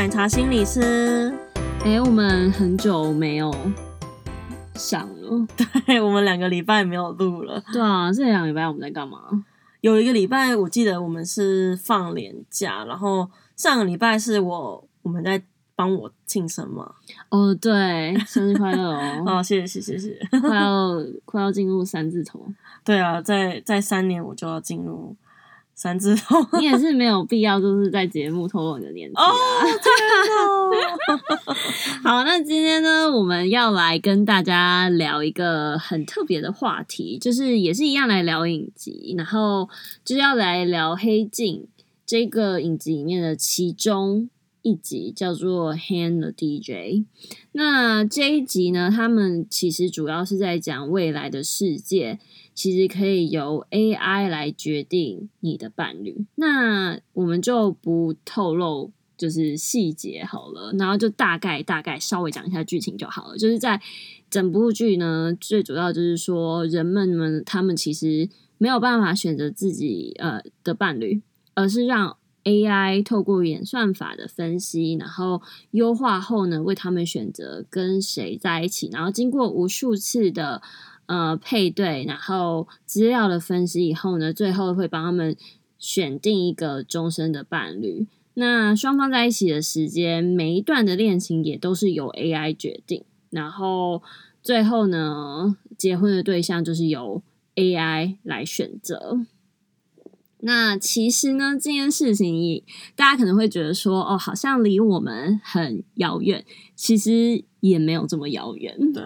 奶茶心理師，哎、欸，我們很久沒有想了。對，我們兩個禮拜沒有錄了。對啊，這兩個禮拜我們在幹嘛？有一個禮拜我記得我們是放年假，然後上個禮拜是我，我們在幫我慶生嘛。哦，對，生日快樂哦！啊、 哦，謝謝，謝謝，謝謝。 快要快要進入三字頭。對啊，在在三年我就要進入。三字頭，你也是沒有必要就是在節目透露你的年紀啊！真的，好，那今天呢，我們要來跟大家聊一個很特別的話題，就是也是一樣來聊影集，然後就是要來聊《黑鏡》這個影集裡面的其中一集，叫做《Hang the DJ》。那這一集呢，他們其實主要是在講未來的世界。其實可以由 AI 來決定你的伴侶，那我們就不透露就是細節好了，然後就大概大概稍微講一下劇情就好了。就是在整部劇呢，最主要就是說人們們他們其實沒有辦法選擇自己呃的伴侶，而是讓 AI 透過演算法的分析，然後優化後呢為他們選擇跟誰在一起，然後經過無數次的。呃，配對，然後資料的分析以後呢，最後會幫他們選定一個終身的伴侶。那雙方在一起的時間，每一段的戀情也都是由 AI 決定。然後最後呢，結婚的對象就是由 AI 來選擇。那其實呢，這件事情大家可能會覺得說，哦，好像離我們很遙遠。其實也沒有這麼遙遠，對。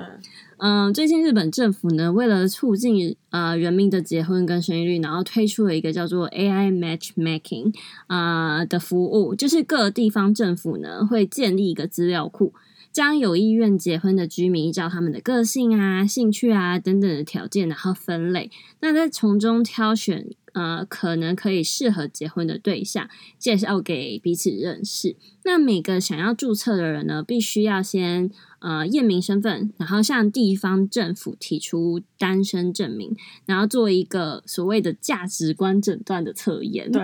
嗯，最近日本政府呢，為了促進呃人民的結婚跟生育率，然後推出了一個叫做 AI matchmaking 啊、呃、的服務，就是各地方政府呢會建立一個資料庫，將有意願結婚的居民依照他們的個性啊、興趣啊等等的條件，然後分類，那再從中挑選。呃，可能可以適合結婚的對象介紹給彼此認識。那每個想要注冊的人呢，必須要先呃驗明身份，然後向地方政府提出單身證明，然後做一個所謂的價值觀診斷的測驗。對，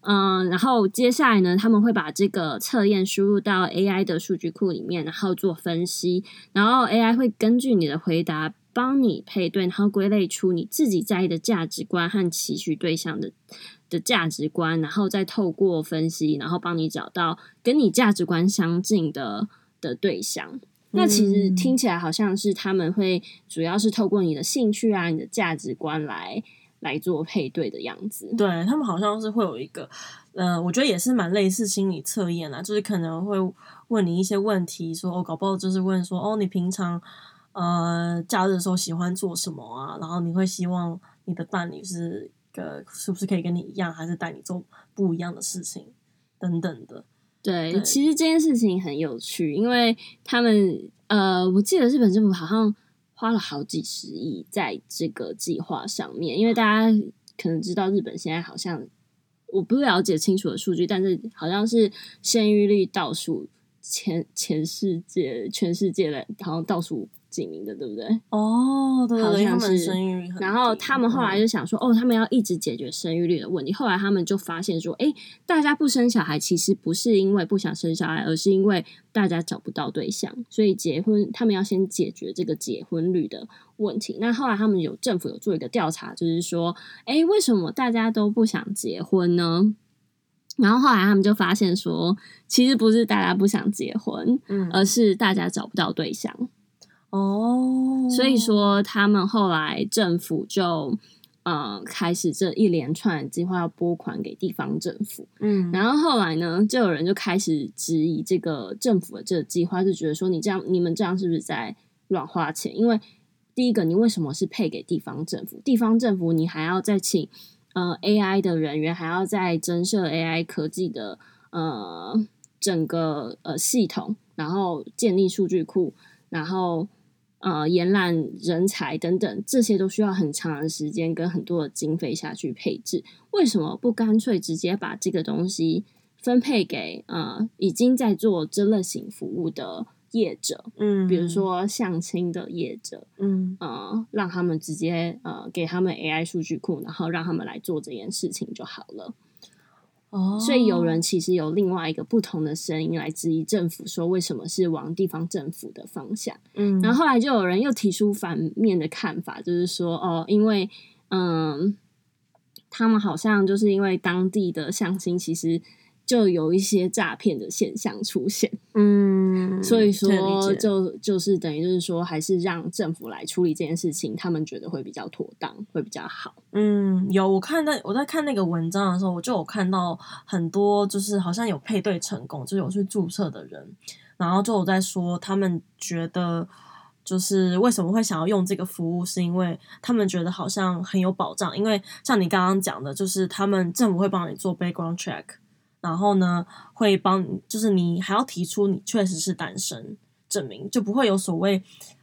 嗯、呃，然後接下來呢，他們會把這個測驗輸入到 AI 的數據庫裡面，然後做分析，然後 AI 會根據你的回答。幫你配對，然後歸類出你自己在意的價值觀和期許對象的的價值觀，然後再透過分析，然後幫你找到跟你價值觀相近的的對象。那其實聽起來好像是他們會主要是透過你的興趣啊、你的價值觀來來做配對的樣子。對，他們好像是會有一個，嗯、呃……我覺得也是蠻類似心理測驗啦，就是可能會問你一些問題說，說哦，搞不好就是問說哦，你平常。呃，假日的時候喜歡做什麼啊？然後你會希望你的伴侶是個是不是可以跟你一樣，還是帶你做不一樣的事情等等的？對，對其實這件事情很有趣，因為他們呃，我記得日本政府好像花了好幾十億在這個計劃上面，因為大家可能知道日本現在好像我不了解清楚的數據，但是好像是生育率倒數前，前世界全世界全世界的，好像倒數，幾名的對不對？哦，oh，好像是。然後他們後來就想說，哦，哦，他們要一直解決生育率的問題。後來他們就發現說，哎，大家不生小孩，其實不是因為不想生小孩，而是因為大家找不到對象，所以結婚，他們要先解決這個結婚率的問題。那後來他們有政府有做一個調查，就是說，哎，為什麼大家都不想結婚呢？然後後來他們就發現說，其實不是大家不想結婚，嗯，而是大家找不到對象。哦，oh，所以說他們後來政府就，呃，開始這一連串計劃，要撥款給地方政府，嗯，然後後來呢，就有人就開始質疑這個政府的這個計劃，就覺得說你這樣，你們這樣是不是在亂花錢？因為第一個，你為什麼是配給地方政府？地方政府你還要再請呃 AI 的人員，還要再增設 AI 科技的呃整個呃系統，然後建立數據庫，然後。呃，延攬人才等等，這些都需要很長的時間跟很多的經費下去配置。為什麼不乾脆直接把這個東西分配給呃已經在做這類型服務的業者？嗯，比如說相親的業者，嗯，呃，讓他們直接呃給他們 AI 數據庫，然後讓他們來做這件事情就好了。Oh. 所以有人其實有另外一個不同的聲音來質疑政府，說為什麼是往地方政府的方向？嗯，然後後來就有人又提出反面的看法，就是說哦，因為嗯，他們好像就是因為當地的相親，其實。就有一些詐騙的現象出現，嗯，所以說、嗯、理解就就是等於就是說，還是讓政府來處理這件事情，他們覺得會比較妥當，會比較好。嗯，有，我看在我在看那個文章的時候，我就有看到很多就是好像有配對成功，就有去注冊的人，然後就有在說他們覺得就是為什麼會想要用這個服務，是因為他們覺得好像很有保障，因為像你剛剛講的，就是他們政府會幫你做 background check。然後呢，會幫，就是你還要提出你確實是單身證明，就不會有所謂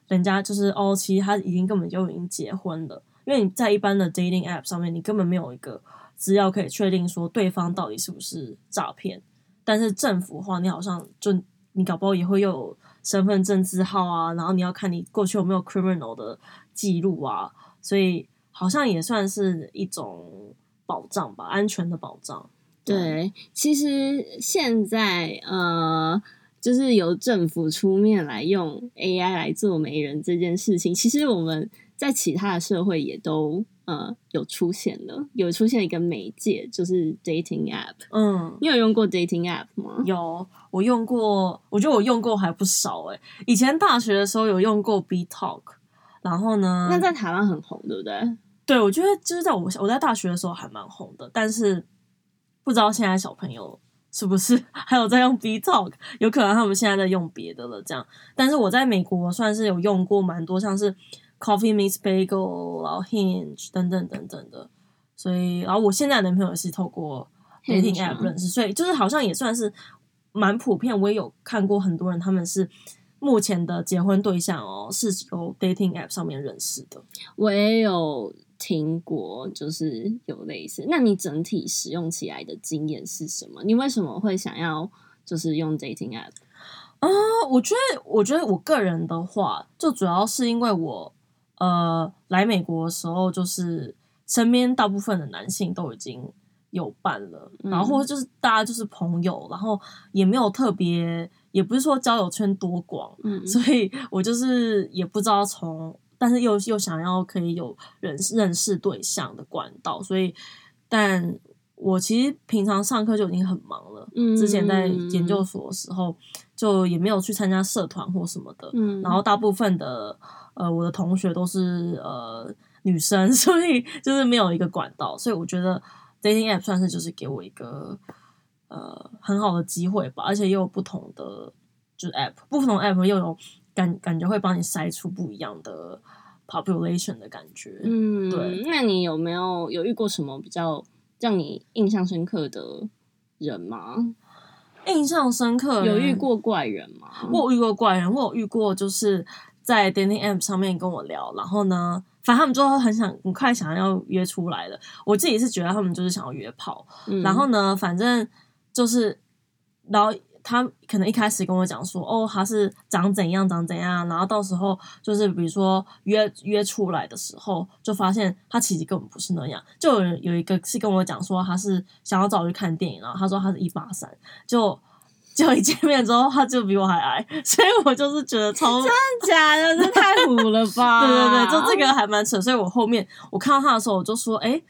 人家就是哦，其實他已經根本就已經結婚了。因為你在一般的 dating app 上面，你根本沒有一個資料可以確定說對方到底是不是詐騙。但是政府的話，你好像就你搞不好也會有身份證字號啊，然後你要看你過去有沒有 criminal 的記錄啊，所以好像也算是一種保障吧，安全的保障。對，其實現在呃，就是由政府出面來用 AI 來做媒人這件事情，其實我們在其他的社會也都呃有出現了，有出現一個媒介，就是 dating app。嗯，你有用過 dating app 嗎？有，我用過，我覺得我用過還不少。誒，以前大學的時候有用過 BeeTalk，然後呢？那在台灣很紅，對不對？對，我覺得就是在我我在大學的時候還蠻紅的，但是。不知道現在小朋友是不是還有在用 B Talk，有可能他們現在在用別的了。這樣，但是我在美國算是有用過蠻多，像是 Coffee Meets Bagel，然後 Hinge 等等等等的。所以，然後我現在男朋友是透過 Dating App 認識，所以就是好像也算是蠻普遍。我也有看過很多人他們是，目前的結婚對象哦，是由 dating app 上面認識的。我也有聽過，就是有類似。那你整體使用起來的經驗是什麼？你為什麼會想要就是用 dating app？啊、呃，我覺得，我覺得我個人的話，就主要是因為我呃來美國的時候，就是身邊大部分的男性都已經有伴了，嗯、然後就是大家就是朋友，然後也沒有特別。也不是說交友圈多廣，嗯，所以我就是也不知道從，但是又又想要可以有人認識對象的管道，所以，但我其實平常上課就已經很忙了，嗯，之前在研究所的時候就也沒有去參加社團或什麼的，嗯，然後大部分的呃我的同學都是呃女生，所以就是沒有一個管道，所以我覺得 dating app 算是就是給我一個。呃，很好的機會吧，而且又有不同的就是 app，不，不同 app 又有感感覺會幫你篩出不一樣的 population 的感覺。嗯，對。那你有沒有有遇過什麼比較讓你印象深刻的人嗎？印象深刻，有遇過怪人嗎？嗯、我有遇過怪人，我有遇過就是在 dating app 上面跟我聊，然後呢，反正他們最後很想很快想要約出來的，我自己是覺得他們就是想要約炮，嗯、然後呢，反正。就是，然後他可能一開始跟我講說，哦，他是長怎樣長怎樣，然後到時候就是比如說約約出來的時候，就發現他其實根本不是那樣。就有，有一個是跟我講說，他是想要找我去看電影，然後他說他是一八三，就就一見面之後，他就比我還矮，所以我就是覺得超真的假的，這 太虎了吧？ 對對對，就這個還蠻扯，所以我後面我看到他的時候，我就說，哎，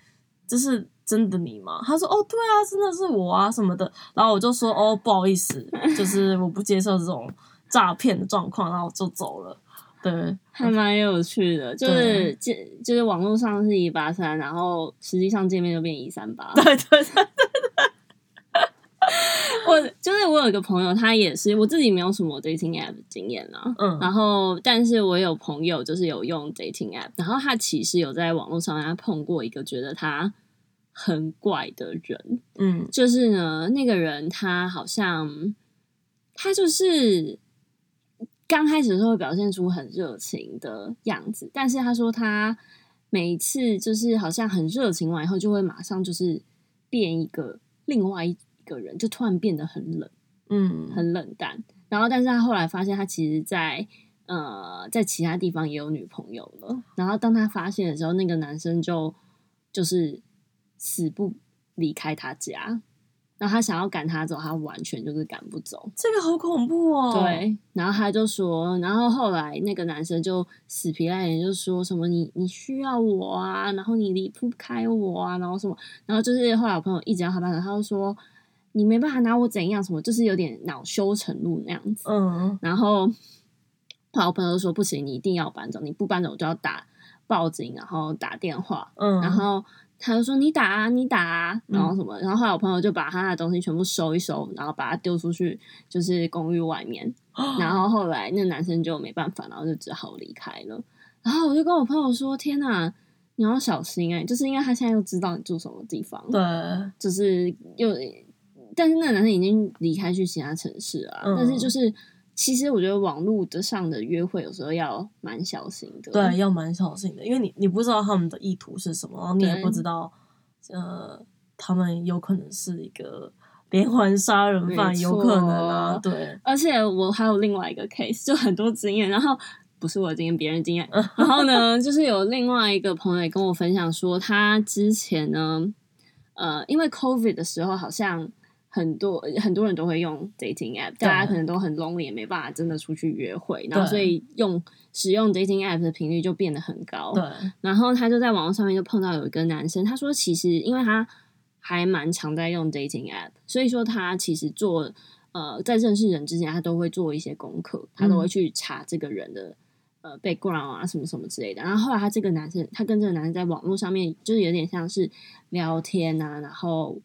就是。真的你嗎？他說哦，對啊，真的是我啊，什麼的。然後我就說哦，不好意思，就是我不接受這種詐騙的狀況，然後我就走了。對，還蠻有趣的，就是見對就，就是網絡上是一八三，然後實際上見面就變一三八。對對，對，對對。對，我就是我有一個朋友，他也是我自己沒有什麼 dating app 經驗了、啊。嗯。然後，但是我有朋友就是有用 dating app，然後他其實有在網絡上他碰過一個，覺得他。很怪的人，嗯，就是呢，那個人他好像他就是剛開始的時候表現出很熱情的樣子，但是他說他每一次就是好像很熱情完以後，就會馬上就是變一個另外一個人，就突然變得很冷，嗯，很冷淡。然後，但是他後來發現他其實在呃在其他地方也有女朋友了。然後當他發現的時候，那個男生就就是。死不離開他家，然後他想要趕他走，他完全就是趕不走。這個好恐怖哦！對，然後他就說，然後後來那個男生就死皮賴臉就說什麼“你你需要我啊，然後你離不開我啊，然後什麼”，然後就是後來我朋友一直要他搬走，他就說“你沒辦法拿我怎樣”，什麼就是有點惱羞成怒那樣子。嗯，然後後來我朋友說：“不行，你一定要搬走，你不搬走我就要打報警，然後打電話。”嗯，然後。他就說：“你打啊，你打啊，然後什麼？然後後來我朋友就把他的東西全部收一收，然後把他丟出去，就是公寓外面。然後後來那個男生就沒辦法，然後就只好離開了。然後我就跟我朋友說：‘天吶，你要小心哎、欸，就是因為他現在又知道你住什麼地方，對，就是又……但是那個男生已經離開去其他城市了、啊。嗯、但是就是。”其實我覺得網絡上的約會有時候要蠻小心的。對，要蠻小心的，因為你你不知道他們的意圖是什麼，然後你也不知道，對呃，他們有可能是一個連環殺人犯，有可能啊。錯對。而且我還有另外一個 case，就很多經驗。然後不是我經驗，別人經驗。然後呢， 就是有另外一個朋友也跟我分享說，他之前呢，呃，因為 COVID 的時候好像。很多很多人都會用 dating app，對大家可能都很 lonely，也沒辦法真的出去約會，對然後所以用使用 dating app 的頻率就變得很高。對，然後他就在網絡上面就碰到有一個男生，他說其實因為他還蠻常在用 dating app，所以說他其實做呃，在認識人之前，他都會做一些功課，他都會去查這個人的、嗯、呃 background 啊什麼什麼之類的。然後後來他這個男生，他跟這個男生在網絡上面就是有點像是聊天啊，然後。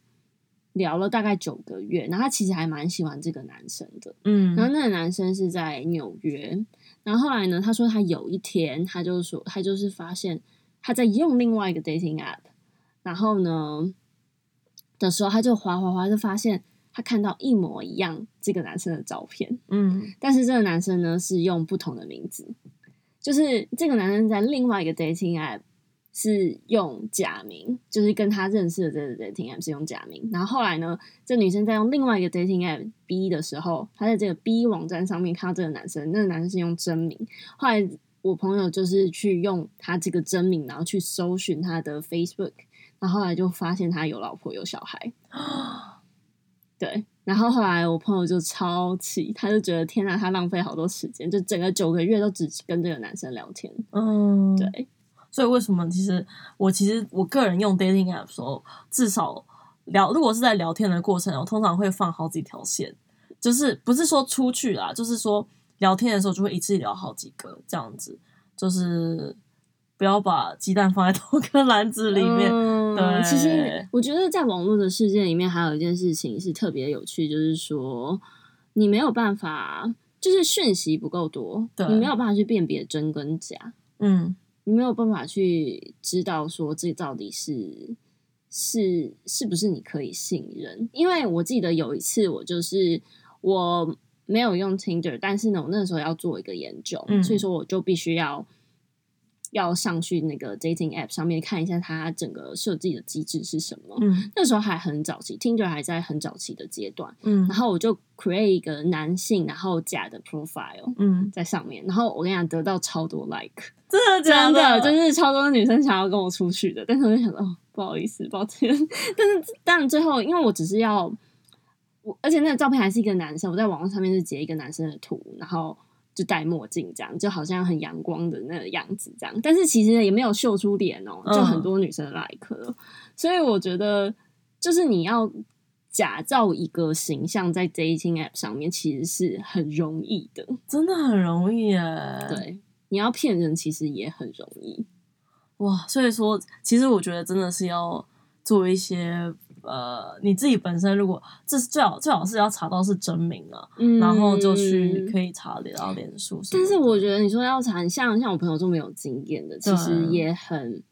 聊了大概九個月，然後她其實還蠻喜歡這個男生的。嗯，然後那個男生是在紐約，然後後來呢，他說他有一天，他就說他就是發現他在用另外一個 dating app，然後呢的時候，他就滑滑滑，就發現他看到一模一樣這個男生的照片。嗯，但是這個男生呢是用不同的名字，就是這個男生在另外一個 dating app。是用假名，就是跟他認識的這個 dating app 是用假名。然後後來呢，這女生在用另外一個 dating app B 的時候，她在這個 B 網站上面看到這個男生，那個男生是用真名。後來我朋友就是去用他這個真名，然後去搜尋他的 Facebook，然後後來就發現他有老婆有小孩。啊！對，然後後來我朋友就超氣，他就覺得天哪，他浪費好多時間，就整個九個月都只跟這個男生聊天。嗯，對。所以為什麼？其實我其實我個人用 dating app 的時候，至少聊如果是在聊天的過程，我通常會放好幾條線，就是不是說出去啦，就是說聊天的時候就會一次一聊好幾個這樣子，就是不要把雞蛋放在多個籃子裡面。嗯、對，其實我覺得在網絡的世界裡面，還有一件事情是特別有趣，就是說你沒有辦法，就是訊息不夠多，對你沒有辦法去辨別真跟假。嗯。你沒有辦法去知道說這到底是是是不是你可以信任，因為我記得有一次我就是我沒有用 Tinder，但是呢我那時候要做一個研究，嗯、所以說我就必須要。要上去那個 dating app 上面看一下它整個設計的機制是什麼？嗯，那時候還很早期，Tinder 還在很早期的階段。嗯，然後我就 create 一個男性，然後假的 profile，嗯，在上面，嗯、然後我跟你講，得到超多 like，真的，的真的，真、就是超多女生想要跟我出去的，但是我就想說，不好意思，抱歉， 但是當然最後，因為我只是要我，而且那個照片還是一個男生，我在網絡上面是截一個男生的圖，然後。就戴墨鏡這樣，就好像很陽光的那個樣子這樣，但是其實也沒有秀出臉哦、喔，嗯、就很多女生那一刻，所以我覺得就是你要假造一個形象在 dating app 上面其實是很容易的，真的很容易耶。對，你要騙人其實也很容易，哇！所以說，其實我覺得真的是要做一些。呃，你自己本身如果這是最好最好是要查到是真名了、啊，嗯、然後就去可以查臉，然後臉書。但是我覺得你說要查，像像我朋友這麼有經驗的，對其實也很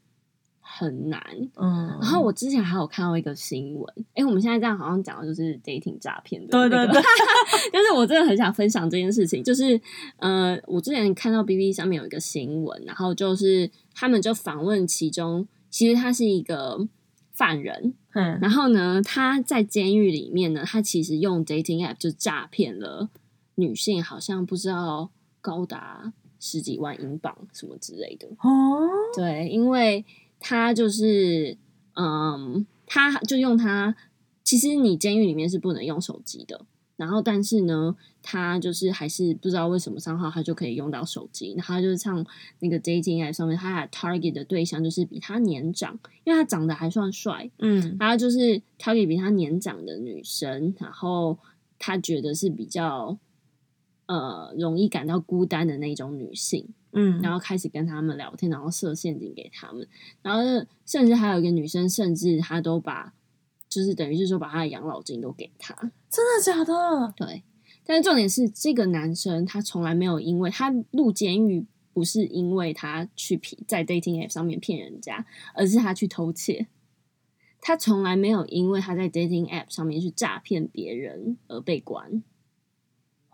很難。嗯。然後我之前還有看到一個新聞，誒、欸，我們現在這樣好像講的就是 dating 詐騙的，對對對。 但是我真的很想分享這件事情，就是呃，我之前看到 BBC 上面有一個新聞，然後就是他們就訪問其中，其實他是一個。犯人，嗯，然後呢，他在監獄裡面呢，他其實用 dating app 就詐騙了女性，好像不知道高達十幾萬英鎊什麼之類的，哦，對，因為他就是嗯，他就用他，其實你監獄裡面是不能用手機的。然後，但是呢，他就是還是不知道為什麼上號他就可以用到手機。然後他就是上那個 JJI 上面，他 target 的對象就是比他年長，因為他長得還算帥，嗯，然後就是 target 比他年長的女生。然後他覺得是比較呃容易感到孤單的那種女性，嗯，然後開始跟他們聊天，然後設陷阱給他們。然後甚至還有一個女生，甚至他都把。就是等於是說把他的養老金都給他。真的假的？對，但是重點是這個男生他從來沒有，因為他入監獄，不是因為他去騙在 dating app 上面騙人家，而是他去偷竊。他從來沒有因為他在 dating app 上面去詐騙別人而被關。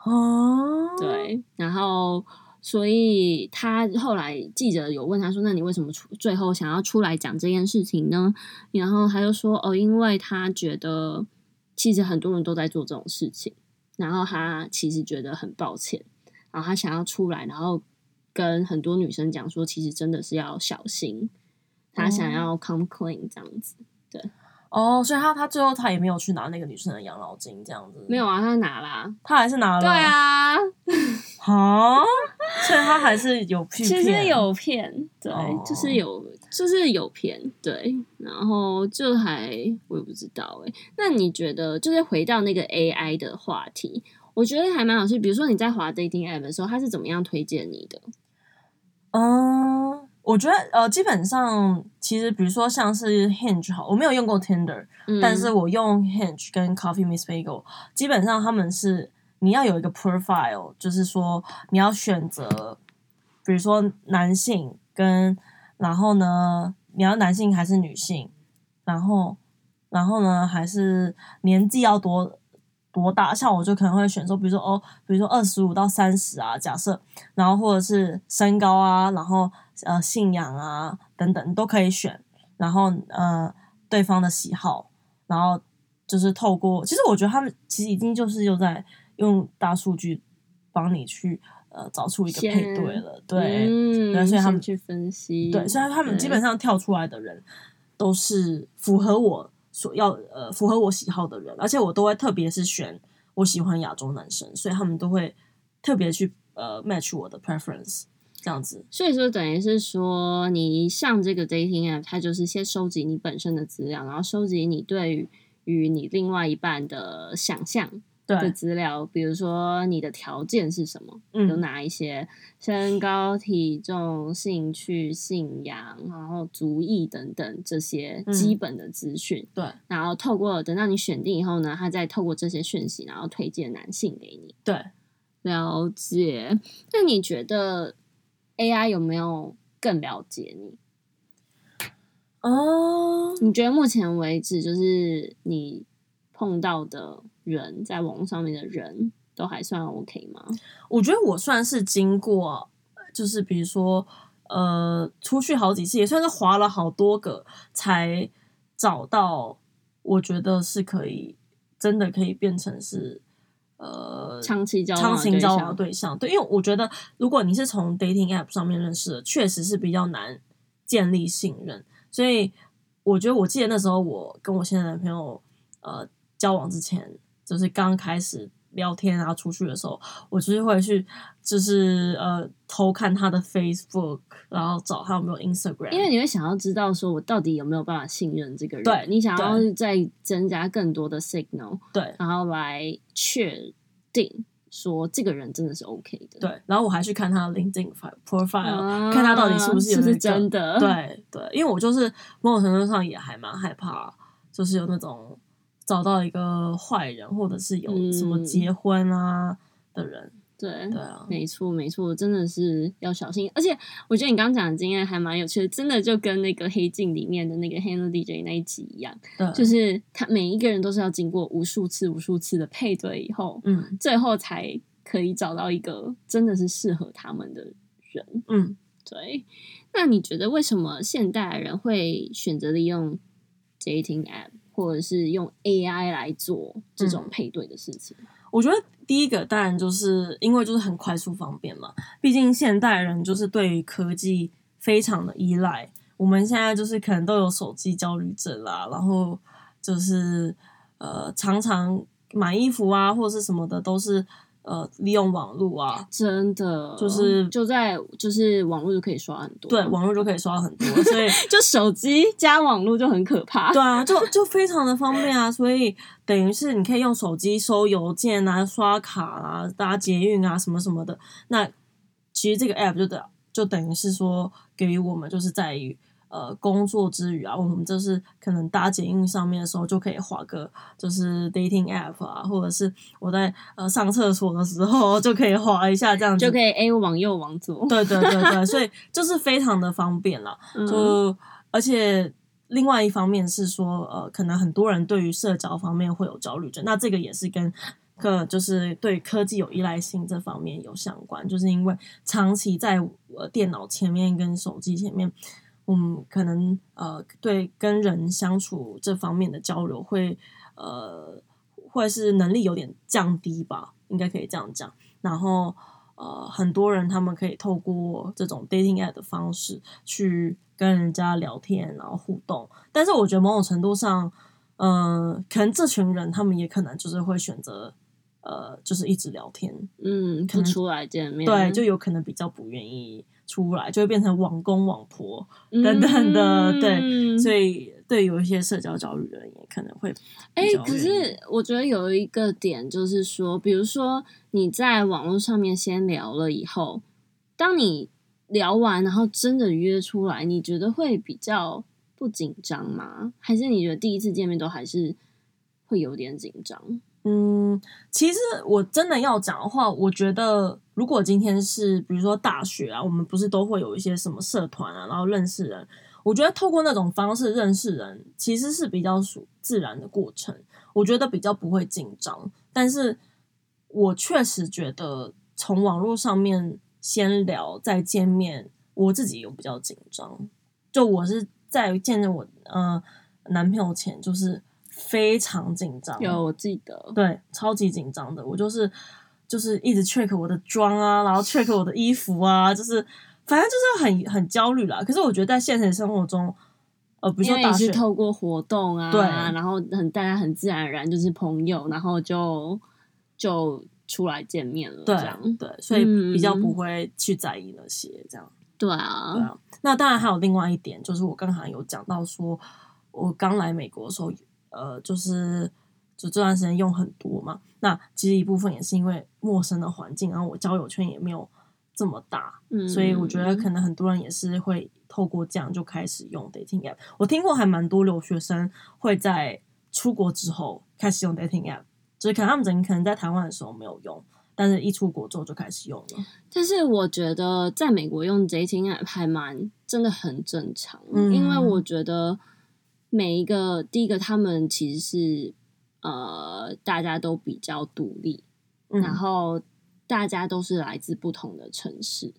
哦，啊，對，然後。所以他後來記者有問他說：“那你為什麼出最後想要出來講這件事情呢？”然後他就說：“哦，因為他覺得其實很多人都在做這種事情，然後他其實覺得很抱歉，然後他想要出來，然後跟很多女生講說，其實真的是要小心，他想要 come clean 這樣子，對。”哦，oh, 所以他他最後他也沒有去拿那個女生的養老金這樣子。沒有啊，他拿啦、啊。他還是拿了。對啊，好，Huh? 所以他還是有騙。其實有騙，對，oh. 就是有，就是有騙，對。然後就還我也不知道哎。那你覺得，就是回到那個 AI 的話題，我覺得還蠻好奇，比如說你在滑 dating app 的時候，他是怎麼樣推薦你的？哦、uh。我覺得呃，基本上其實，比如說像是 Hinge 好，我沒有用過 Tinder、嗯、但是我用 Hinge 跟 Coffee Miss Bagel，基本上他們是你要有一個 profile，就是說你要選擇，比如說男性跟，然後呢你要男性還是女性，然後然後呢還是年紀要多。我打一下我就可能會選說，比如說哦，比如說二十五到三十啊，假設，然後，或者是身高啊，然後呃信仰啊，等等你都可以選，然後呃對方的喜好，然後就是透過，其實我覺得他們其實已經就是又在用大數據幫你去呃找出一個配對了，先對，嗯，對，所以他們去分析，對，雖然他們基本上跳出來的人都是符合我。所要呃符合我喜好的人，而且我都會特別是選我喜歡亞洲男生，所以他們都會特別去呃 match 我的 preference 這樣子。所以說等於是說，你上這個 dating app，它就是先收集你本身的資料，然後收集你對於，於你另外一半的想象。對，的資料，比如說你的條件是什麼？嗯，有哪一些身高、體重、興趣、信仰，然後族裔等等這些基本的資訊，嗯，對，然後透過等到你選定以後呢，他再透過這些訊息，然後推薦男性給你。對，了解。那你覺得 AI 有沒有更了解你？哦，你覺得目前為止就是你碰到的？人在網絡上面的人都還算 OK 嗎？我覺得我算是經過，就是比如說，呃，出去好幾次，也算是滑了好多個，才找到我覺得是可以真的可以變成是，呃，長期交往，長期交往的對象。對，因為我覺得如果你是從 dating app 上面認識的，確實是比較難建立信任，所以我覺得我記得那時候我跟我現在男朋友呃交往之前。就是剛開始聊天，啊，出去的時候，我就是會去，就是呃偷看他的 Facebook，然後找他有沒有 Instagram，因為你會想要知道，說我到底有沒有辦法信任這個人？對，你想要再增加更多的 signal，對，然後來確定說這個人真的是 OK 的。對，然後我還去看他的 LinkedIn profile，啊，看他到底是不是有那個，是真的。對對，因為我就是某種程度上也還蠻害怕，就是有那種。找到一個壞人，或者是有什麼結婚啊的人，嗯、對對、啊、沒錯沒錯，真的是要小心。而且我覺得你剛剛講的經驗還蠻有趣的，真的就跟那個《黑鏡》裡面的那個 Hang the DJ 那一集一樣，對就是他每一個人都是要經過無數次、無數次的配對以後，嗯，最後才可以找到一個真的是適合他們的人，嗯，對。那你覺得為什麼現代人會選擇利用 dating app？或者是用 AI 來做這種配對的事情，嗯，我覺得第一個當然就是因為就是很快速方便嘛，畢竟現代人就是對於科技非常的依賴，我們現在就是可能都有手機焦慮症啦，然後就是呃常常買衣服啊或者是什麼的都是。呃，利用網絡啊，真的就是就在就是網絡就可以刷很多，對，網絡就可以刷很多，所以 就手機加網絡就很可怕，對啊，就就非常的方便啊，所以等於是你可以用手機收郵件啊、刷卡啊、搭捷運啊什麼什麼的，那其實這個 app 就等就等於是說給予我們就是在於。呃，工作之餘啊，我們就是可能搭捷運上面的時候，就可以滑個就是 dating app 啊，或者是我在呃上廁所的時候，就可以滑一下這樣子，就可以 A 往右往左。對對對對， 所以就是非常的方便了。就、嗯、而且另外一方面是說，呃，可能很多人對於社交方面會有焦慮症，那這個也是跟可能就是對科技有依賴性這方面有相關，就是因為長期在我電腦前面跟手機前面。嗯，可能呃，對跟人相處這方面的交流會，呃，或者是能力有點降低吧，應該可以這樣講。然後呃，很多人他們可以透過這種 dating app 的方式去跟人家聊天，然後互動。但是我覺得某種程度上，嗯、呃，可能這群人他們也可能就是會選擇，呃，就是一直聊天，嗯，不出來見面，對，就有可能比較不願意。出來就會變成網公網婆、嗯、等等的，對，所以對有一些社交焦慮的人也可能會。哎、欸，可是我覺得有一個點就是說，比如說你在網絡上面先聊了以後，當你聊完然後真的約出來，你覺得會比較不緊張嗎？還是你覺得第一次見面都還是會有點緊張？嗯，其實我真的要講的話，我覺得。如果今天是比如說大學啊，我們不是都會有一些什麼社團啊，然後認識人。我覺得透過那種方式認識人，其實是比較屬自然的過程。我覺得比較不會緊張。但是我確實覺得從網絡上面先聊再見面，我自己也比較緊張。就我是在見着我呃男朋友前，就是非常緊張。有我記得，對，超級緊張的。我就是。就是一直 check 我的妝啊，然後 check 我的衣服啊，就是反正就是很很焦慮啦，可是我覺得在現實生活中，呃，比如說你是透過活動啊，對，然後很大家很自然而然就是朋友，然後就就出來見面了，這樣對，對，所以比較不會去在意那些這樣，嗯，對啊，對啊。那當然還有另外一點，就是我剛好有講到說，我剛來美國的時候，呃，就是。就這段時間用很多嘛，那其實一部分也是因為陌生的環境，然後我交友圈也沒有這麼大，嗯，所以我覺得可能很多人也是會透過這樣就開始用 dating app。我聽過還蠻多留學生會在出國之後開始用 dating app，就是可能他們可能在台灣的時候沒有用，但是一出國之後就開始用了。但是我覺得在美國用 dating app 還蠻真的很正常，嗯，因為我覺得每一個第一個他們其實是。呃，大家都比較獨立，嗯、然後大家都是來自不同的城市，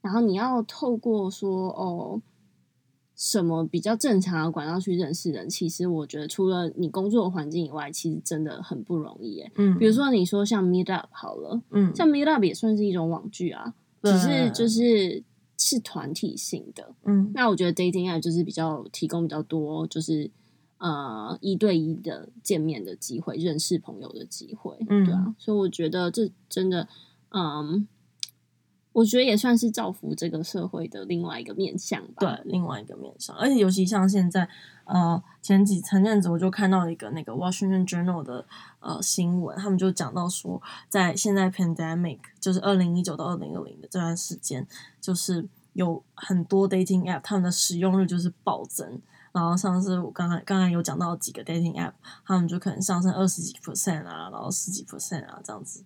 然後你要透過說哦，什麼比較正常的管道去認識人，其實我覺得除了你工作環境以外，其實真的很不容易。嗯，比如說你說像 Meet Up 好了，嗯，像 Meet Up 也算是一種網聚啊，嗯、只是就是是團體性的。嗯，那我覺得 Dating App 就是比較提供比較多，就是。呃，一對一的見面的機會，認識朋友的機會，嗯、對啊，所以我覺得這真的，嗯，我覺得也算是造福這個社會的另外一個面向吧。對，另外一個面向，而且尤其像現在，呃，前幾前陣子我就看到一個那個 Washington Journal 的呃新聞，他們就講到說，在現在 pandemic 就是二零一九到二零二零的這段時間，就是有很多 dating app 他們的使用率就是暴增。然後上次我剛才剛剛有講到幾個 dating app，他們就可能上升二十幾 percent 啊，然後十幾 percent 啊，這樣子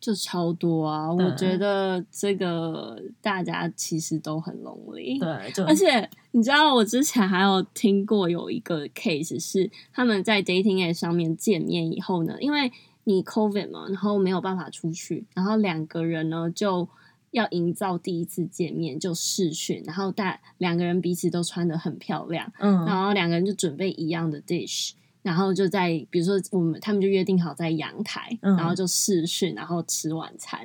就超多啊！對我覺得這個大家其實都很 lonely，對，就。而且你知道我之前還有聽過有一個 case 是他們在 dating app 上面見面以後呢，因為你 covid 嘛，然後沒有辦法出去，然後兩個人呢就。要營造第一次見面就視訊，然後大兩個人彼此都穿得很漂亮，嗯，然後兩個人就準備一樣的 dish，然後就在比如說我們他們就約定好在陽台，嗯、然後就視訊，然後吃晚餐，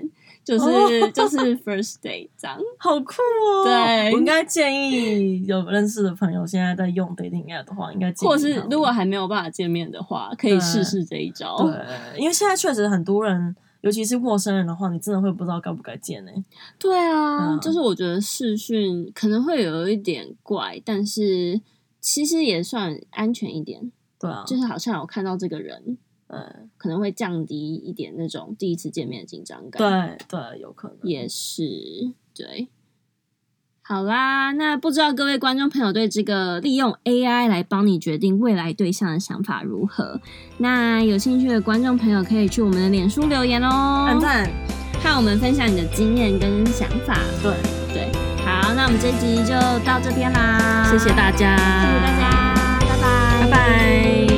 就是、哦、就是 first day 這樣，好酷哦！對，我應該建議有認識的朋友現在在用 dating app 的話， 應該建議或是如果還沒有辦法見面的話，可以試試這一招，對，因為現在確實很多人。尤其是陌生人的話，你真的會不知道該不該見呢、欸？對啊，嗯、就是我覺得視訊可能會有一點怪，但是其實也算安全一點。對啊，就是好像有看到這個人，呃對，可能會降低一點那種第一次見面的緊張感。對對，有可能也是對。好啦，那不知道各位觀眾朋友對這個利用 AI 來幫你決定未來對象的想法如何？那有興趣的觀眾朋友可以去我們的臉書留言哦，按讚，看我們分享你的經驗跟想法。對對，好，那我們這集就到這邊啦，謝謝大家，謝謝大家，拜拜，拜拜。拜拜。